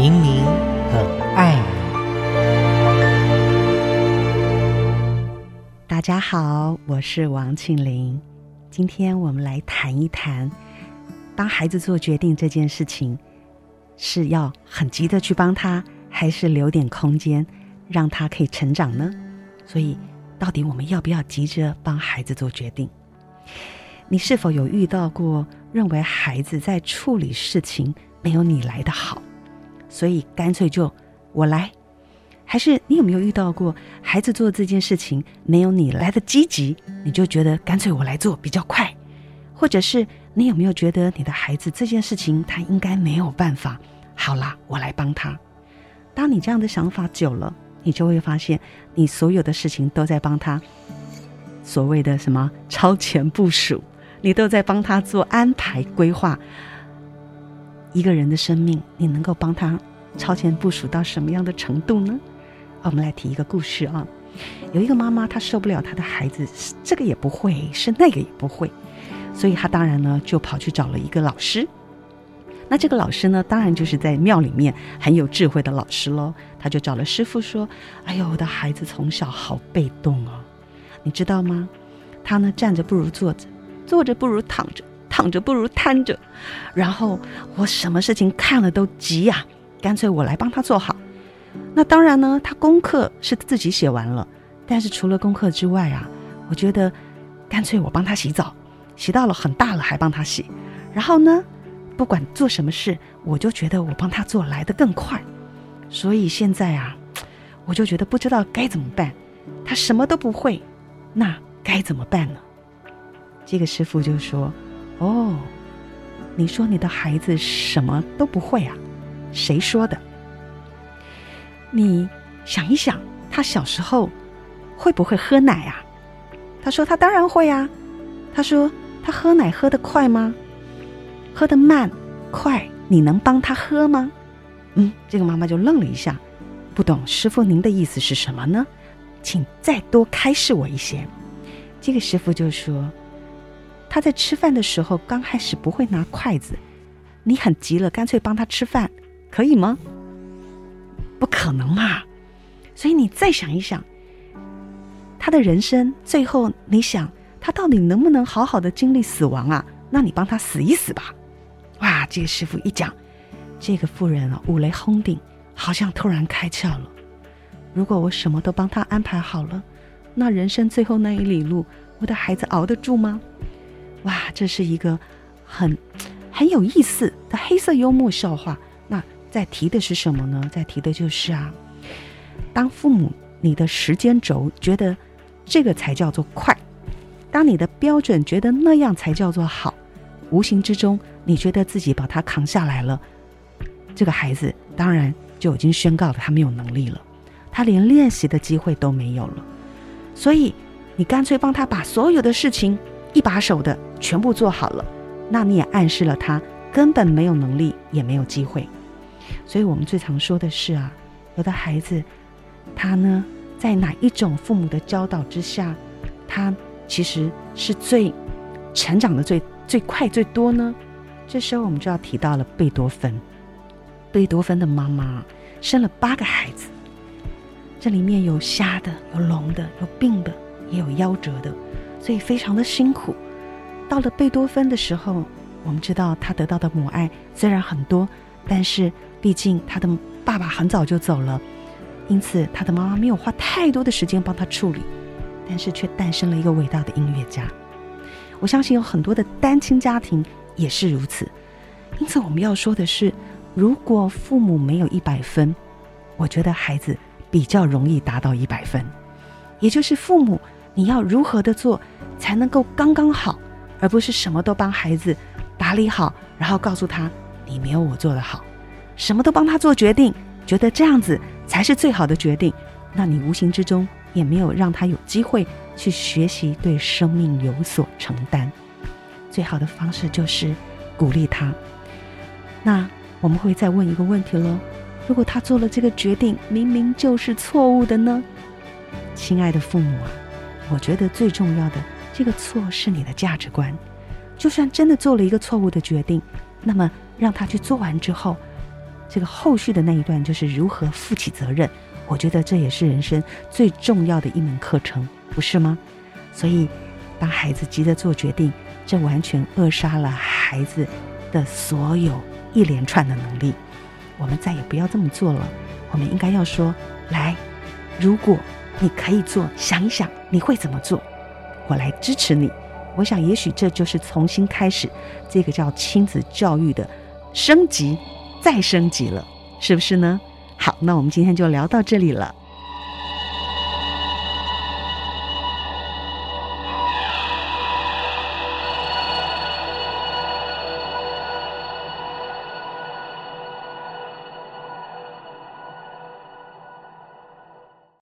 明明很愛你。大家好，我是王慶玲，今天我們來談一談，幫孩子做決定這件事情，是要很急著去幫他，還是留點空間讓他可以成長呢？所以，到底我們要不要急着幫孩子做決定？你是否有遇到過認為孩子在處理事情沒有你來得好？所以乾脆就我來，還是你有沒有遇到過孩子做這件事情沒有你來得積極，你就覺得乾脆我來做比較快，或者是你有沒有覺得你的孩子這件事情他應該沒有辦法，好啦，我來幫他。當你這樣的想法久了，你就會發現你所有的事情都在幫他，所謂的什麼超前部署，你都在幫他做安排規劃。一個人的生命，你能夠幫他超前部署到什麼樣的程度呢？啊，我們來提一個故事啊。有一個媽媽，她受不了她的孩子，這個也不會，是那個也不會，所以她當然呢就跑去找了一個老師。那這個老師呢，當然就是在廟裡面很有智慧的老師嘍。她就找了師父說：“哎呦，我的孩子從小好被動哦、啊，你知道嗎？他呢站着不如坐着，坐着不如躺着。”躺着不如癱着，然後我什麼事情看了都急呀，乾脆我來幫他做好。那當然呢，他功課是自己寫完了，但是除了功課之外啊，我覺得乾脆我幫他洗澡，洗到了很大了還幫他洗。然後呢，不管做什麼事，我就覺得我幫他做來得更快。所以現在啊，我就覺得不知道該怎麼辦，他什麼都不會，那該怎麼辦呢？這個師傅就說。哦，oh, 你說你的孩子什麼都不會啊？誰說的？你想一想，他小時候會不會喝奶啊？他說他當然會啊。他說他喝奶喝得快嗎？喝得慢，快你能幫他喝嗎？嗯，這個媽媽就愣了一下，不懂師父您的意思是什麼呢？請再多開示我一些。這個師父就說。他在吃飯的時候，剛開始不會拿筷子，你很急了，乾脆幫他吃飯，可以嗎？不可能嘛！所以你再想一想，他的人生最後，你想他到底能不能好好的經歷死亡啊？那你幫他死一死吧！哇，這個師父一講，這個婦人啊，五雷轟頂，好像突然開竅了。如果我什麼都幫他安排好了，那人生最後那一哩路，我的孩子熬得住嗎？哇，這是一個很很有意思的黑色幽默笑話。那在提的是什麼呢？在提的就是啊，當父母，你的時間軸覺得這個才叫做快；當你的標準覺得那樣才叫做好，無形之中你覺得自己把他扛下來了，這個孩子當然就已經宣告了他沒有能力了，他連練習的機會都沒有了。所以你乾脆幫他把所有的事情，一把手的全部做好了，那你也暗示了他根本沒有能力，也沒有機會。所以，我們最常說的是啊，有的孩子，他呢，在哪一種父母的教導之下，他其實是最成長的最最快最多呢？這時候，我們就要提到了貝多芬。貝多芬的媽媽生了八個孩子，這裡面有瞎的，有聾的，有病的，也有夭折的。所以非常的辛苦。到了貝多芬的時候，我們知道他得到的母愛雖然很多，但是畢竟他的爸爸很早就走了，因此他的媽媽沒有花太多的時間幫他處理，但是卻誕生了一個偉大的音樂家。我相信有很多的單親家庭也是如此。因此我們要說的是，如果父母沒有一百分，我覺得孩子比較容易達到一百分，也就是父母。你要如何的做才能夠剛剛好，而不是什麼都幫孩子打理好，然後告訴他你沒有我做得好，什麼都幫他做決定，覺得這樣子才是最好的決定，那你無形之中也沒有讓他有機會去學習對生命有所承擔。最好的方式就是鼓勵他。那我們會再問一個問題嘍：如果他做了這個決定明明就是錯誤的呢？親愛的父母啊！我覺得最重要的這個錯是你的價值觀。就算真的做了一個錯誤的決定，那麼讓他去做完之後，這個後續的那一段就是如何負起責任。我覺得這也是人生最重要的一門課程，不是嗎？所以，當孩子急着做決定，這完全扼殺了孩子的所有一連串的能力。我們再也不要這麼做了。我們應該要說：“來，如果。”你可以做，想一想你會怎麼做，我來支持你。我想，也許這就是重新開始，這個叫親子教育的升級，再升級了，是不是呢？好，那我們今天就聊到這裡了。